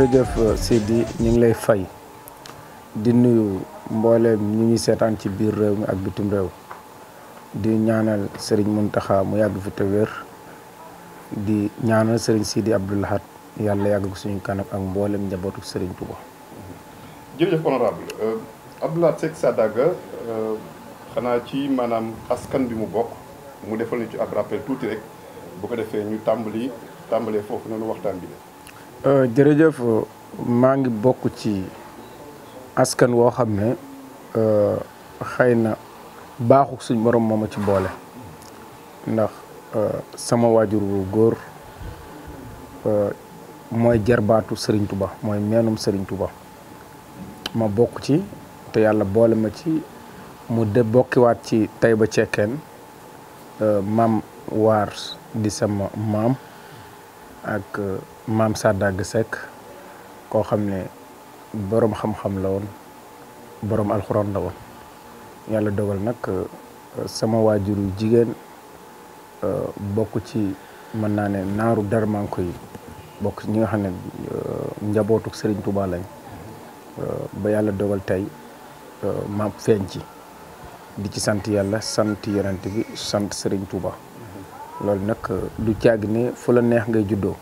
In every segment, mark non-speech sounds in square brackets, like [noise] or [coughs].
jërëjëf euh, Sidi ñu ngi lay fay di nuyu mbooleem ñu ngi seetaan ci biir réew mi ak bitim réew di ñaanal Serigne Mountakha mu yàgg fi te di ñaanal Serigne Sidi Abdou yàlla yàgg ko suñu kanam ak mbooleem njabootu Serigne Touba. jërëjëf honorable euh, Abdou Lahad Seck Sadaga euh, xanaa ci maanaam askan bi mu bokk mu defal ñu ci ab rappel tuuti rek bu ko defee ñu tàmbali tàmbalee foofu noonu waxtaan bi. Euh, jërëjëf maa ngi bokk ci askan woo xam ne euh, xëy na baaxu suñ borom moo ma ci boole ndax euh, sama waajur wu góor mooy jarbaatu sëriñtu ba mooy meenum Serigne ba ma bokk ci te yàlla boole ma ci mu de bokkiwaat ci Taïba Cekkeen maam waar di sama maam ak. maam dàgg Seck koo xam ne boroom xam-xam la woon boroom alxuraan la woon yàlla dogal nag euh, sama waajuru jigéen euh, bokk ci mën naa ne naaru darmanko yi bokk ci ñi nga xam ne euh, njabootu Serigne Touba lañ ba yàlla dogal tey ma feeñ ci di ci sant yàlla sant yonent bi sant Serigne Touba loolu nag du caagi ne fu la neex ngay juddoo.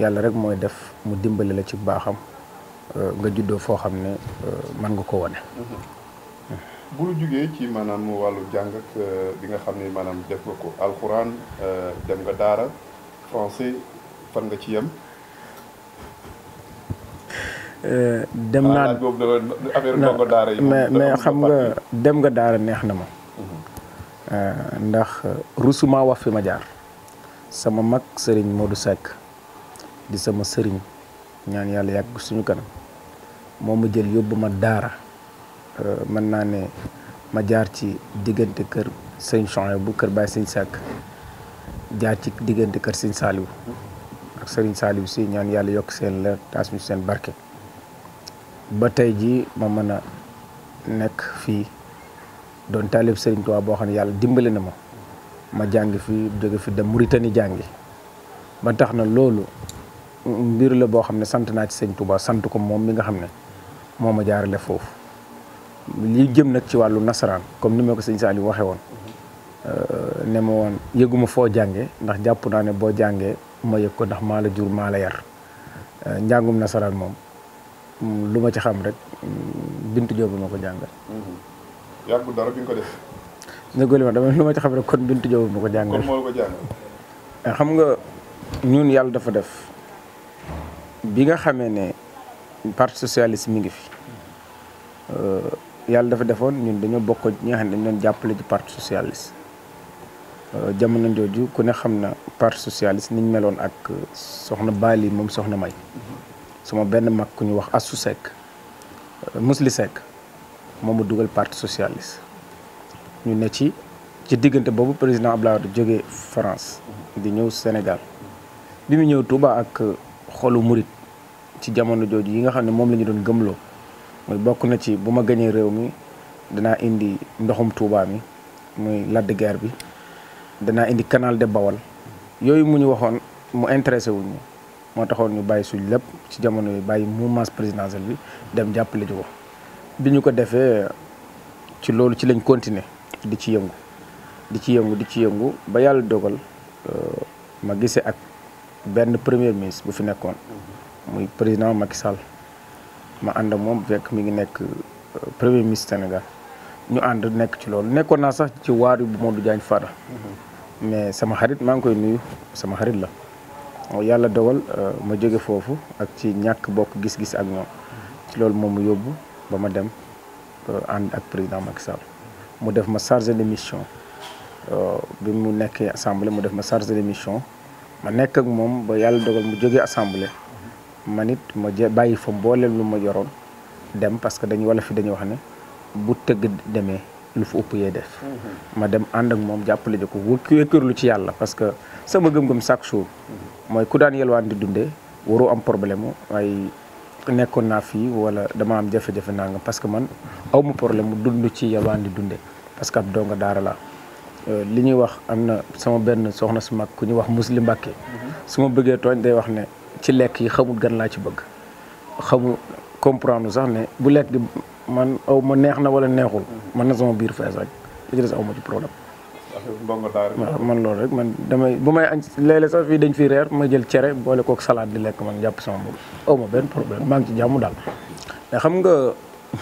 yàlla rek mooy def mu dimbali la ci baaxam euh, nga juddoo foo xam ne euh, mën nga ko wane. Mm-hmm. bu lu jugee ci wàllu jàng bi euh, nga xam ne maanaam def nga ko alxuraan dem nga daara français fan nga ci yem. dem naa ah, mais mais xam nga dem nga daara neex na ma. Mm-hmm. ndax rusuma wax fi ma jaar sama mag Serigne Modou Seck. di sama sëriñ ñaan yàlla yàgg suñu kanam moo ma jël yóbbu ma daara euh, mën naa ne ma jaar ci diggante kër sëñ Chouaïbou bu kër Baye sëñ Sàkk jaar ci diggante kër sëñ Saaliw ak sëriñ Saaliw si ñaan yàlla yokk seen leer taas seen barke ba tey ji ma mën a nekk fii doon taalib sëriñ Tuubaa boo xam ne yàlla dimbali na ma ma jàng fi jóge fi dem Mauritanie jàngi ba tax na loolu mbir la boo xam ne sant naa ci sëñ Touba sant ko moom mi nga xam ne moo ma jaarale foofu lii jëm nag ci wàllu nasaraan comme ni ma ko sëñ Saliou waxee woon euh, ne ma woon yëguma foo jànge ndax jàpp naa ne boo jàngee ma yëg ko ndax maa la la yar euh, njàngum moom mm, lu ma ci xam rek mm, bintu joobu ma ko ko def kon moo ko jàngal xam nga ñun yàlla dafa def bi nga xamee ne parti socialiste mi ngi fi euh, yàlla dafa defoon ñun dañoo bokk ñi nga xam ne dañu jàppale ci parti socialiste euh, jamono jooju ku ne xam na parti socialiste niñ meloon ak euh, soxna Bali moom soxna May sama benn mag ku ñu wax Assou Seck Mousli Seck moom mu dugal parti socialiste ñu ne ci ci diggante boobu président Abdoulaye Wade jógee France di ñëw Sénégal bi mu ñëw Touba ak xolu murit ci jamono jooju yi nga xam ne moom la ñu doon gëmloo muy bokk na ci bu ma gañee réew mi danaa indi ndoxum Tuubaa mi muy Lac de bi danaa indi canal de Bawol yooyu mu ñu waxoon mu intéressé wuñ moo taxoon ñu bàyyi suñ lépp ci jamono yi bàyyi mu mouvance présidentielle bi dem jàppale ji ko bi ñu ko defee ci loolu ci lañ continuer di ci yëngu di ci yëngu di ci yëngu ba yàlla dogal euh, ma gisee ak benn premier ministre bu fi nekkoon muy président Macky ma ànd ak moom fekk mi ngi nekk euh, premier ministre Sénégal ñu ànd nekk ci loolu nekkoon naa sax ci waar bu Modou Diagne Fada mais sama xarit maa ngi koy nuyu sama xarit la yàlla dogal euh, ma jóge foofu ak ci ñàkk bokk gis-gis ak ñoom ci loolu moom mu yóbbu ba ma dem euh, ànd ak président Macky mu def ma chargé de mission bi mu nekkee assemblée mu def ma chargé de mission ma nekk ak moom ba yàlla dogal mu jógee assemblée man it ma jë bàyyi fa mboolem lu ma yoroon dem parce que dañu wala fi dañuy wax ne bu tëgg demee lu fu ëpp yee def. Mm-hmm. ma dem ànd ak moom jàppale ko wëkkërlu ci yàlla parce que sama gëm-gëm chaque jour. Mm-hmm. mooy ku daan yelwaan di dundee waroo am problème mu waaye nekkoon naa fii wala dama am jafe-jafe nangam parce que man aw ma problème mu dund ci yelwaan di dundee parce que ab donga daara euh, li ñuy wax am na sama benn soxna su mag ku ñuy wax muslim Mbàkke mm-hmm. su ci lekk yi xamul gan laa ci bëgg xamul comprendre sax ne bu lekk gi man aw ma neex na wala neexul man na sama biir fees rek aw ma ci problème. waaw man loolu rek man damay bu may añ léeg-léeg sax dañ fi reer ma jël cere boole kook salade di lekk man jàpp sama bopp aw ma benn problème maa ngi ci jàmm daal. mais xam nga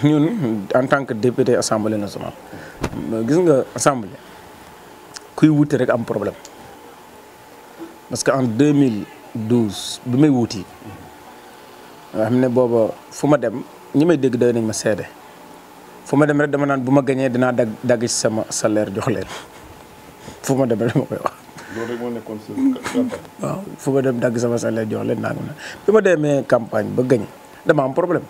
ñun en tant que député assemblée nationale gis nga assemblée kuy wuti rek am problème parce que en 2000. 2012 bi may wuuti nga xam ne booba fu ma dem ñi may dégg doy nañ ma seede fu ma dem rek dama naan bu ma gañee danaa dagg dagg sama salaire jox leen fu ma dem rek dama koy wax. moo nekkoon si waaw fu dem dagg sama salaire jox leen naan bi demee campagne ba gañ dama am problème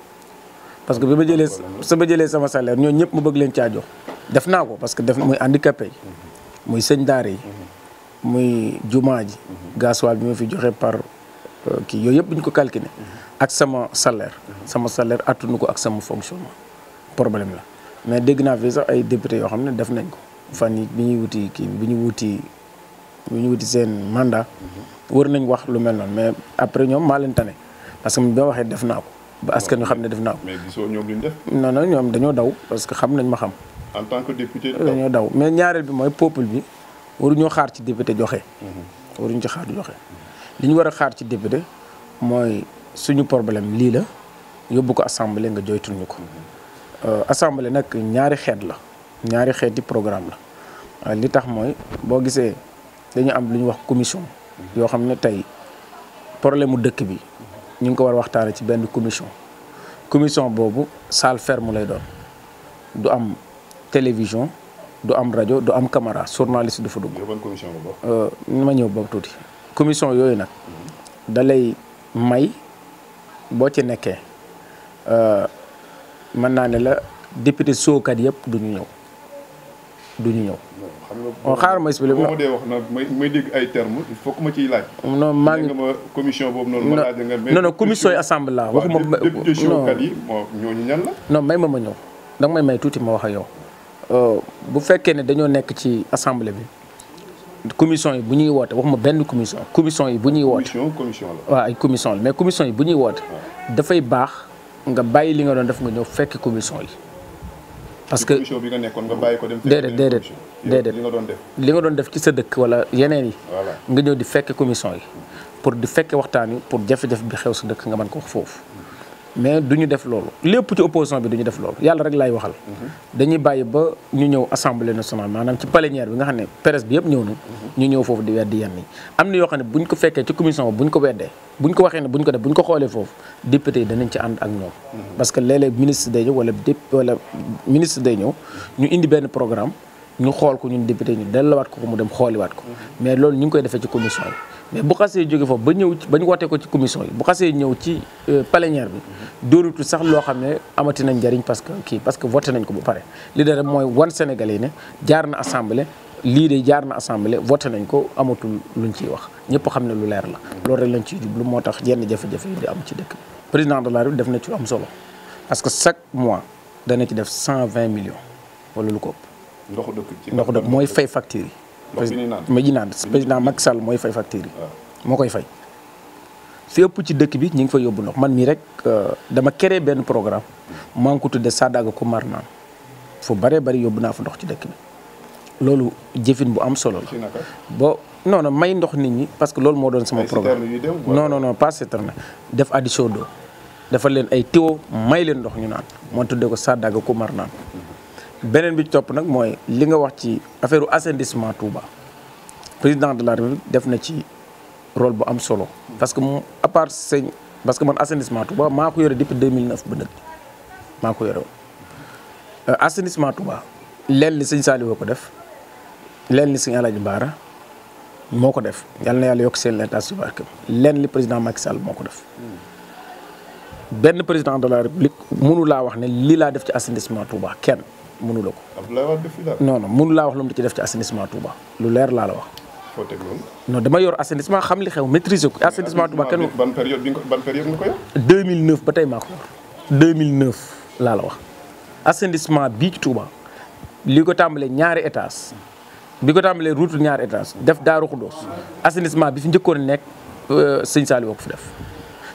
parce que bi ma jëlee su ma jëlee sama salaire ñooñu ñëpp mu bëgg leen caa jox def naa ko parce que def muy handicapé yi muy sëñ daara yi. Mm-hmm. muy jumaa ji mhm. gasoil bi ma fi joxe par euh, kii yooyu yëpp bu ñu ko calculé mhm. ak sama salaire mhm. sama salaire attunu ko ak sama fonctionnement problème la mais dégg naa fi sax ay député yoo xam ne def nañ ko fan yi bi ñuy wuti kii bi ñu wuti bi ñu wuti seen mandat wër nañ wax lu mel noonu mais après ñoom maa leen tane parce que waxee def naa ko ba askan ñu xam ne def naa ko. mais gisoo dañoo daw parce que xam nañ ma xam. Euh, dañoo daw mais ñaareel bi mooy peuple bi. waruñoo xaar ci député joxe. Mhm. waruñu ci xaar joxe li ñu war a xaar ci député mooy suñu problème lii la yóbbu ko assemblée nga joytul ñu ko. Euh, assemblée nag ñaari xeet la ñaari xeeti programme la euh, li tax mooy boo gisee dañu am lu ñuy wax commission. Mhm. yoo xam ne tey problème mu dëkk bi ñu ngi ko war a waxtaanee ci benn commission. commission boobu salle ferme lay doon du am télévision. du am rajo du am caméra journaliste du fa dugg. commission euh, ni ma ñëw boobu tuuti. commission yooyu nag mhm. dalay may boo ci nekkee euh, man naa ne la député sookat yëpp du ñu ñëw duñu ñëw. xam oh, xaaral ma expliqué. ma dee wax na may dégg ay termes il ma ciy laaj. non maa ngi ma boobu noonu. ma laaj nga mais non non commission yi assemblée laa waxuma. non la. non may ma ma ñëw danga may may tuuti ma wax a yow. Euh, bu fekkee ne dañoo nekk ci assemblée bi commission yi bu ñuy woote waxuma benn commission commission yi bu ñuy woote. commission la waaw ay commission la mais commission yi bu ñuy woote. dafay baax nga bàyyi li nga doon def nga ñëw fekk commission yi. parce que commission bi nga nekkoon nga bàyyi ko dem. déedéet déedéet déedéet li nga doon def. li nga doon def ci sa dëkk wala yeneen yi. nga ñëw di fekk commission yi. pour di fekkee waxtaan yi pour jafe-jafe bi xew sa dëkk nga man ko wax foofu. mais du ñu def loolu lépp ci opposition bi du ñu def loolu yàlla rek laay waxal. dañuy bàyyi ba ñu ñëw assemblée nationale maanaam ci plénière bi nga xam ne presse bi yëpp ñëw na. Mhm. ñu ñëw foofu di weddi yenn yi am na yoo ko fekkee ci commission bu ñu ko weddee bu ñu ko waxee ne bu ñu ko def bu ñu ko xoolee foofu député yi danañ ci ànd ak ñoom. Mhm. parce que léeg-léeg ministre day ñëw wala dép wala ministre day ñëw ñu indi benn programme ñu xool ko ñun député ñu delluwaat ko mu dem xooliwaat ko mhm. mais loolu ñu ngi koy defee ci commission yi. mais bu xasee jóge foofu ba ñëw ba ñu wootee ko ci commission yi bu xasee ñëw ci euh, plénière bi dóorutu sax loo xam ne amati nañ njariñ parce que kii parce que voté nañ ko ba pare li dara mooy wan Sénégalais yi ne jaar na assemblée lii de jaar na assemblée voté nañ ko amatul luñ ciy wax ñëpp xam ne lu leer la loolu rek lañ ciy jublu moo tax yenn jafe-jafe yi di am ci dëkk bi président de la République def na ci am solo parce que chaque mois danañ ci def cent vingt millions wala lu ko ëpp ndoxu dëkk mooy fay facture yi Médina président Macky Sall mooy fay facture yi ah. moo koy fay fi ëpp ci dëkk bi ñu ngi fa yóbbu ndox man mii rek euh, dama créé benn programme maa ngi ko tuddee Sadaga ku mar naan fu bëree bëri yóbbu naa fa ndox ci dëkk bi loolu jëfin bu am solo la boo non non may ndox nit ñi parce que loolu moo doon sama programme non non non pas na def addition d'eau dafa leen ay tiwo may leen ndox ñu naan moo tuddee ko Sadaga ku mar naan beneen bi ci topp nag mooy li nga wax ci affaire assainissement Touba président de la République def na ci rôle bu am solo parce que mu à sëñ parce que man assainissement Touba maa ko yore depuis 2009 ba nëg maa ko yore woon euh, assainissement Touba leen li sëñ Saliou ko def leen li sëñ Alaaji moo ko def yal yàlla yokk seen l'état ci leen li président Macky Sall moo ko def benn président de la République mënu laa wax ne lii laa def ci assainissement Touba kenn mënu la ko. Abdoulaye Wade def fi dara. non non mënu laa wax lu mu ci def ci assainissement Touba lu leer laa la wax. foo teg loolu. non dama yor assainissement xam li xew maîtriser ko. assainissement Touba kenn ban ko yor. 2009 ba tey maa ko yor laa la wax assainissement bii ci Touba li ko tàmbalee ñaari étage bi ko tàmbalee route ñaari étage def Daaru Xuddoos assainissement bi fi njëkkoon nekk euh, sëñ Saliou ko fi def.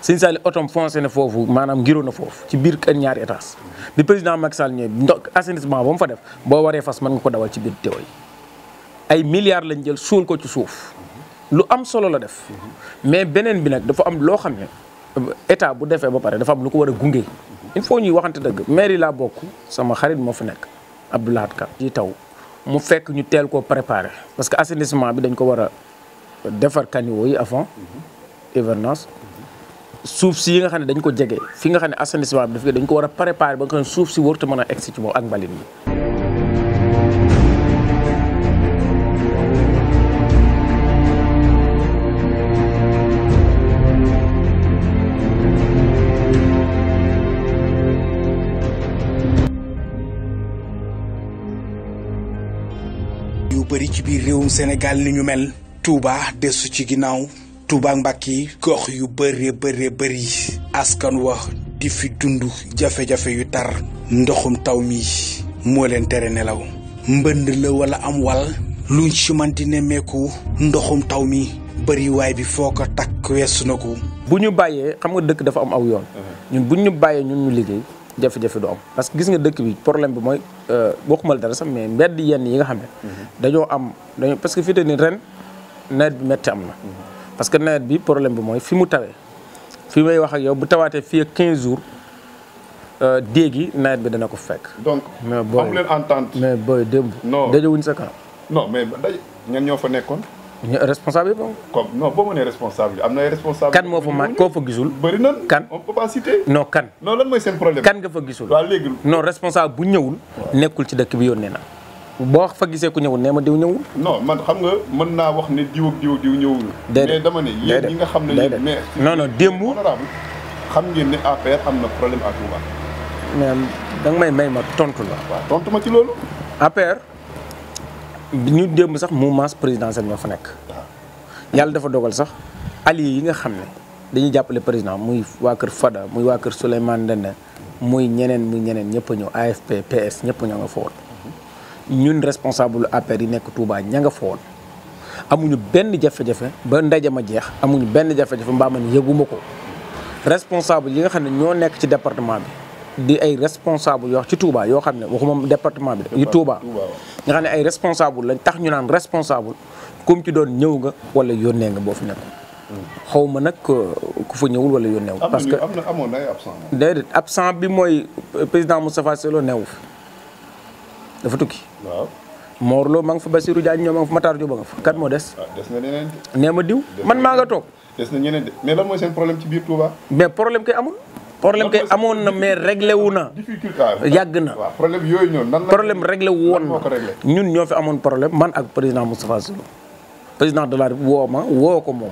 Sëñ Sall otom foncé na foofu maanaam ngiroo na foofu ci biir kër ñaari étage bi président Macky Sall ñëwee ndox assainissement ba mu fa def boo waree fas mën nga ko dawal ci biir teew yi ay milliards lañ jël suul ko ci suuf lu am solo la def mais beneen bi nag dafa am loo xam ne état bu defee ba pare dafa am lu ko war a gunge il faut ñuy waxante dëgg mairie laa bokk sama xarit moo fi nekk Abdoulaye Ka ci taw mu fekk ñu teel koo préparé parce que assainissement bi dañ ko war a defar caniveau yi avant hivernage suuf si yi nga xam ne dañ ko jege fi nga xam ne assainissement bi dafa dañ ko war a préparer ba nga xam ne suuf si warut mën a egsi ci moom ak mbalit mi. yu bëri ci biir réewum senegal ni ñu mel Touba desu ci ginnaaw. Touba Mbacké gox yu bëree bëree bëri askan wa di fi dund jafe yu tar ndoxum taw mi moo leen tere nelaw mbënd la wala am wal luñ ci manti ne ndoxum taw mi bëri waay bi foo ko takk weesu na ko. bu ñu bàyyee xam nga dëkk dafa aw yoon. ñun bu ñu bàyyee ñu liggéey jafe-jafe du am parce que gis nga dëkk bi problème bi mooy euh, waxuma dara sax mais mbedd yenn yi nga xam ne. Mhm. dañoo am dañoo parce que fi te ren nawet bi metti am na. parce que nawet bi problème bi mooy fi mu tawee fi may wax yow bu tawaatee fii ak 15 jours euh, déeg nawet bi dana ko fekk. donc amu leen entente mais booy démb. non dajewuñ sa kanam. non mais daj ñan ñoo fa nekkoon. ñu responsable yi moom. comme nee responsable am na ay kan moo fa man koo fa gisul. bëri na kan on peut kan. non lan mooy seen problème. kan nga fa gisul. waaw léegi. non responsable bu ñëwul. nekkul ci dëkk bi yónnee na. boo fa gisee ku ñëwul nee ma diw ñëwul. non man xam nga mën naa wax ne diw ak diw ñëwul. déedéet dama ne yéen nga xam ne yéen mais. non non démb honorable xam ngeen ne na problème à Touba. mais danga may may ma tontu la. waaw tontu ma ci loolu. APR ñu démb sax président présidentiel ñoo fa nekk. Ah. yàlla dafa dogal sax alliés yi nga xam ne dañuy jàppale président muy waa kër Fada muy waa kër Souleymane Ndéné muy ñeneen muy ñeneen ñëpp a ñëw AFP PS ñëpp ñoo nga fa woon ñun responsable APR yi nekk Touba ña nga fa woon amuñu benn jafe-jafe ba ndaje ma jeex amuñu benn jafe-jafe mbaa man yëguma ko responsable yi nga xam ne ñoo nekk ci département bi di ay responsable yoo ci Touba yoo xam ne waxuma département bi yu Touba nga xam ne ay responsable lañ tax ñu naan responsable comme ci doon ñëw nga wala yónnee nga boo fi nekk xaw ma nag euh, ku fa ñëwul wala yónnee wu parce que am amoon ay absent déedéet bi mooy euh, président Moustapha Cissé Lo neewu fi waaw Mor Lo ma nga fa Basirou Diagne ñoom ma nga fa nga fa kat moo des. Ah, nee ma diw man maa nga toog. des na ñeneen de mais lan mooy seen problème ci biir Touba. mais problème kay amul. problème kay amoon na mais réglé wu na. yàgg na. waaw problème yooyu ñoom nan problème réglé wu woon na ñun ñoo fi amoon problème man ak président Moustapha Sow président de la ma woo ko moom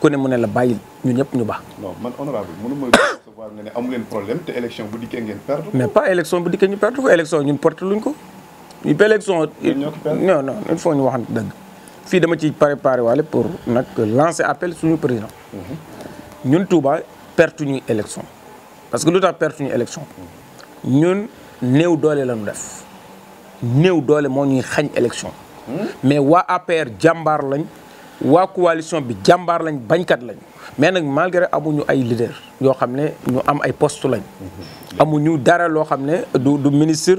ku ne mu ne la bàyyil ñun ñëpp ñu baax. [coughs] mais pas élection bu dikkee ñu perdre ko élection ñun porte luñ ko. élection non non il faut ñu waxante dëgg fii dama ci préparé waale pour nag lancer appel suñu président mhm. ñun tuuba pertu ñuy élection parce que lu tax pertu ñu élection ñun néew doole lañu def néew doole moo ñuy xañ élection mhm. mais waa APR jàmbaar lañ waa coalition bi jàmbaar lañ bañkat lañ mais nag malgré amuñu ay leader yoo xam ne ñu am ay poste lañ amuñu dara loo xam ne du du ministre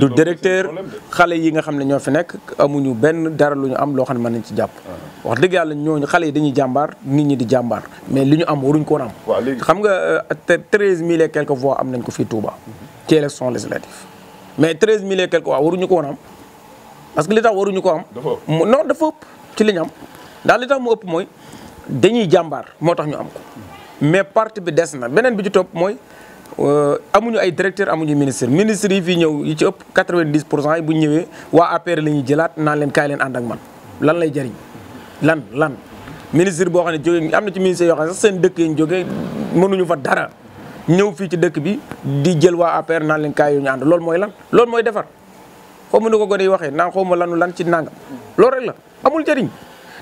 du directeur xale yi nga xam ne ñoo fi nekk amuñu benn dara lu ñu am loo xam ne mën nañ ci jàpp uh-huh. wax dëgg yàlla ñooñu xale yi dañuy jàmbaar nit ñi di jàmbaar mais li ñu am waruñ ko am xam nga euh, treize mille et quelques voix am nañ ko fii Touba uh-huh. ci élection législative mais treize mille et quelques waruñu ko woon am parce que li tax waruñu ko am non dafa ëpp ci li ñu am daal li tax mu ëpp mooy dañuy jàmbaar moo tax ñu am ko mais parti bi des na beneen bi ci topp mooy euh, amuñu ay directeur amuñu ministre ministre yi fii ñëw yi ci ëpp 90 pour cent yi bu ñu ñëwee waa APR la ñuy jëlaat naan leen kaay leen ànd ak man lan lay jariñ lan lan. ministre boo xam ne jógee am na ci ministère yoo xam ne seen dëkk yi ñu mënuñu fa dara ñëw fii ci dëkk bi di jël waa APR naan leen kaa yu ñu ànd loolu mooy lan loolu mooy defar xaw ma nu ko gone yi waxee naan ma lanu lan ci nangam loolu rek la amul jëriñ.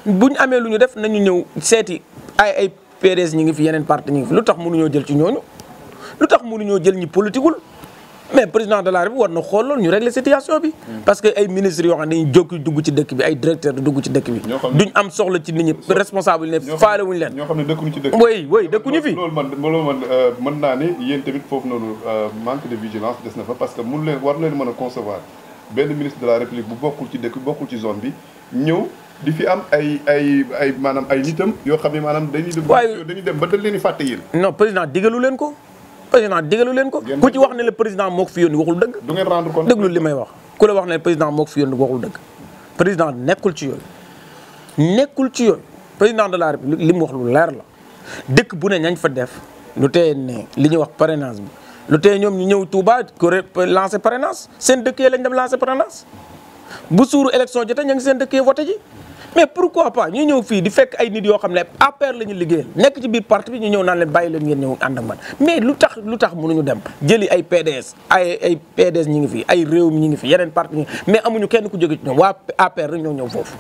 bu ñu amee lu ñu def nañu ñëw seeti ay ay PDS ñi fi yeneen parti ñi fi lu tax mënuñoo jël ci ñooñu lu tax mënuñoo jël ñi politiqueul mais président de la République war na xool loolu ñu régler situation bi. Hmm. parce que ay ministres yoo xam ne dañuy jokki dugg ci dëkk bi ay directeurs dugg ci dëkk bi. duñ am soxla ci nit ñi responsable yi ne faale wuñ leen. ñoo xam ne dëkkuñu ci dëkk bi oui oui dëkkuñu fi. loolu man loolu euh, euh, na fa parce que mun leen war leen mën a concevoir. benn ministre de la république bu bokkul ci dëkk bokkul ci zone bi ñëw di fi am ay ay ay maanaam ay nitam yoo xam ne maanaam dañuy dem dañuy dem ba dañ leen di fàtte yéen non président digalu leen ko président digalu leen ko ku ci wax ne le président moo ko fi yónni waxul dëgg du ngeen rendre compte déglu li may wax ku la wax ne le président moo ko fi yónni waxul dëgg président nekkul ci yooyu nekkul ci yooyu président de la république li mu wax lu leer la dëkk bu ne ñañ fa def lu teye ne li ñu wax parrainage bi lu tee ñoom ñu ñëw Touba kuré lancé parrainage seen dëkk yi lañ dem lancé parrainage bu suur élection jotee ña ngi seen dëkk yi voté ji mais pourquoi pas ñu ñëw fii di fekk ay nit yoo xam ne APR la ñu liggéeyal nekk ci biir parti bi ñu ñëw naan leen bàyyi leen ngeen ñëw ànd ak man mais lu tax lu tax mënuñu dem jëli ay PDS ay ay PDS ñi ngi fi ay réew mi ñi ngi fi yeneen parti mais amuñu kenn ku jóge ci ñoom waa APR rek ñoo ñëw foofu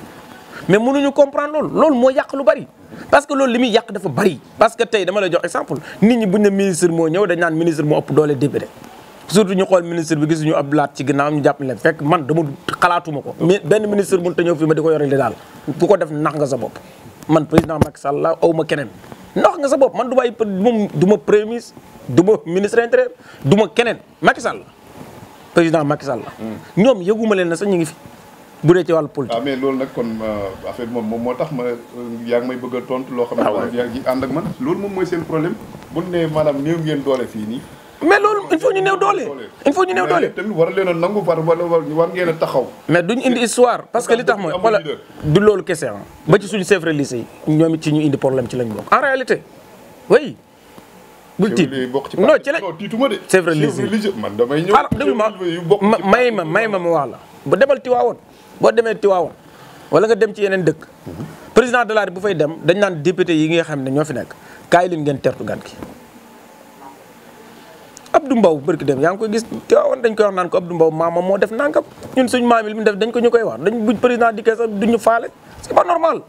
mais mënuñu comprendre loolu loolu moo yàq lu bari parce que loolu li muy yàq dafa bari parce que tey dama lay jox exemple nit ñi buñ ne ministre moo ñëw dañ naan ministre moo ëpp doole député surtout ñu xool ministre bi gis ñu ab laat ci ginnaaw ñu jàpp leen fekk man dama ko mais benn ministre mënut a ñëw fii ma di ko ko def nax nga sa bopp man président Macky Sall la aw ma keneen nax nga sa bopp man du may moom du ma premier ministre du ma ministre intérieur du ma keneen Macky président Macky hmm. ñoom yëguma leen na sax ñu ngi fi bu dee ci wàllu politique. ah mais loolu nag kon euh, affaire bi moom tax ma euh, yaa ngi may bëgg tontu loo xam ne ah, yaa ngi ànd ak man moom mooy seen problème bu ne maanaam nii mais loolu il a nangu war war ngeen a taxaw mais duñ indi histoire parce que li tax mooy loolu kese ah ci ñu indi problème ci lañ bokk en réalité oui bul tiit ci la tiituma de chef religieux man damay ñëw ah, déglu ma may ma may ma ma wax la bu demal Tiwaawoon boo demee Tiwaawan wala nga dem ci yeneen dëkk président de la bu fay dem dañ naan député yi nga xam ne ñoo fi nekk kaay leen ngeen tertu gan ki Abdou Mbow barki dem yaa ngi koy gis Tiwaawan dañ koy wax naan ko Abdou Mbow maamam moo def nangam ñun suñ maam yi lu mu def dañ ko ñu koy wax dañ buñ président dikkee sax ñu faale c'est pas normal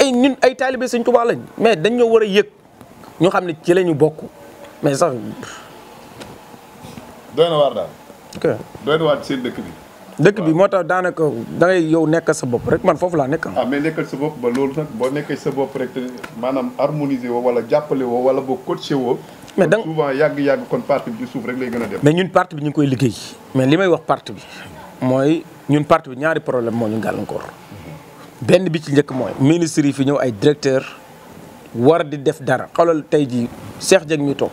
ay ñun ay taalibe Sëñ Tuubaa lañ mais dañ ñoo war a yëg ñu xam ne ci la ñu bokk mais sax doy na waar daal ok doy na waar dëkk bi moo tax daanaka da yow nekkal sa bopp rek man foofu laa nekk ah mais nekkal sa bopp ba loolu sax boo nekkee sa bopp rek maanaam harmoniser woo wala jàppale woo wala boo coaché woo mais yàgg-yàgg kon parti bi ci suuf rek lay gën a dem mais ñun parti bi ñu koy liggéey mais li may wax parti bi mooy ñun parti bi ñaari problème moo ñu gàllankoor benn bi ci njëkk mooy ministre yi fi ñëw ay directeur war di def dara xalal tey jii Cheikh Dieng mi toog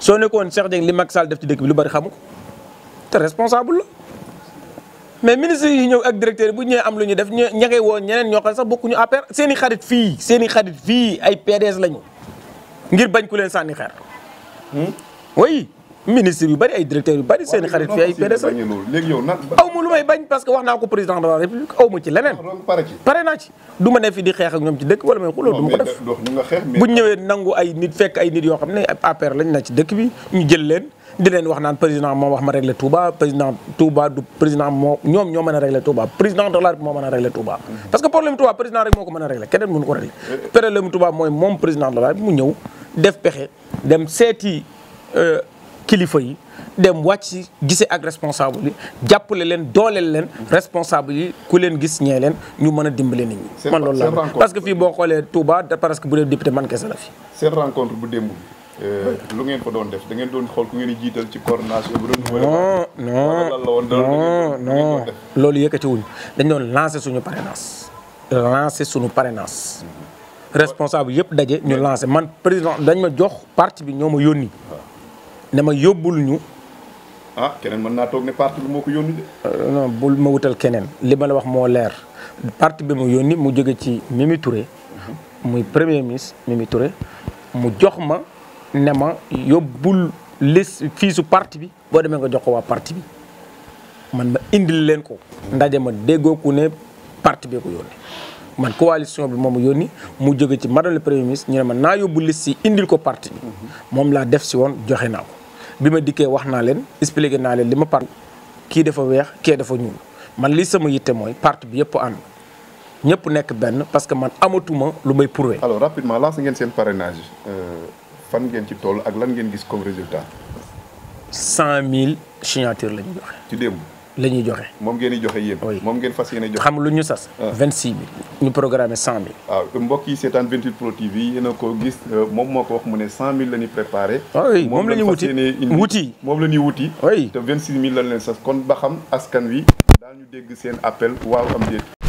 soo nekkoon Cheikh Dieng li mag Sall def ci dëkk bi lu bari xamu te responsable la mais ministre yi ñëw ak directeur bu ñëwee am lu ñu def ñu ña ngay woo ñeneen ñoo sax bokkuñu APR seen i xarit fii seen i xarit fii ay PDS lañu ngir bañ ku leen sànni xeer. Hmm? oui ministre yu bari ay directeur yu bari seen i xarit fii ay PDS lañu. aw ma lu may bañ parce que wax naa ko président de la république aw ma ci leneen. pare naa ci du ne fi di xeex ñoom ci dëkk wala may xuloo du ma ko def. bu ñëwee nangu ay nit fekk ay nit yoo xam ne APR lañ na ci dëkk bi ñu jël leen di leen wax naan président moo wax ma régler Touba président Touba du président moo ñoom ñoo mën a régler Touba président de la République moo mën a régler Touba. parce que problème Touba président rek moo ko mën a régler keneen mënu ko régler. problème Touba mooy moom président de la République mu ñëw def pexe dem seeti euh, kilifa yi dem wàcc gisee ak responsable yi jàppale leen dooleel leen. responsable yi ku leen gis ñee leen ñu mën a dimbale nit ñi. man loolu la parce que fii boo xoolee Touba parce que bu dee député man kese la fi. seen rencontre bu démb. lu ngeen ko doon def da ngeen doon xool ku ngeen di jiital ci coordination bu doon. non non loolu yëkkatiwuñ dañ doon lancer suñu parrainage. lancer suñu parrainage. Mm-hmm. responsable yëpp daje ñu lancer man président dañ ma jox parti bi ñoo ma yónni. Ah. ne ma yóbbul ñu. ah keneen mën naa toog ne parti bi moo ko yónni euh, ma wutal keneen li ma la wax moo leer parti bi mu yónni mu jóge ci Mimi mm-hmm. muy premier ministre Mimi mu jox ma. ne ma yóbbul liste fii su parti bi boo demee nga jox ko waa parti bi man ma indil leen ko ndaje ma déggoo ku ne parti bee ko yoon man coalition bi moom yónni mu jóge ci madame le premier ministre naa yóbbu liste yi indil ko parti moom laa def si woon joxe naa ko bi ma dikkee wax naa leen expliqué naa leen li ma parti kii dafa weex kee dafa ñuul man li sama yitte mooy parti bi yëpp ànd ñëpp nekk benn parce que man amatuma lu may prouver alors rapidement lancé ngeen seen parrainage euh, fan ngeen ci toll ak lan ngeen gis comme résultat. cent mille signature la ñu joxe. ci démb. la ñuy joxe. moom ngeen di joxe yéen. oui moom ngeen fas yéene joxe. xam lu ñu sas. Ah. vingt six mille. ñu programmé cent mille. waaw ah, mbokk yi seetaan 28 Pro TV yéen a ko gis euh, moom moo ko wax mu ne cent mille la ñuy préparé. Ah oui moom la ñuy wuti wuti moom la ñuy wuti. oui te vingt six mille lañu leen sas kon ba xam askan wi. daal ñu dégg seen appel waaw am déet.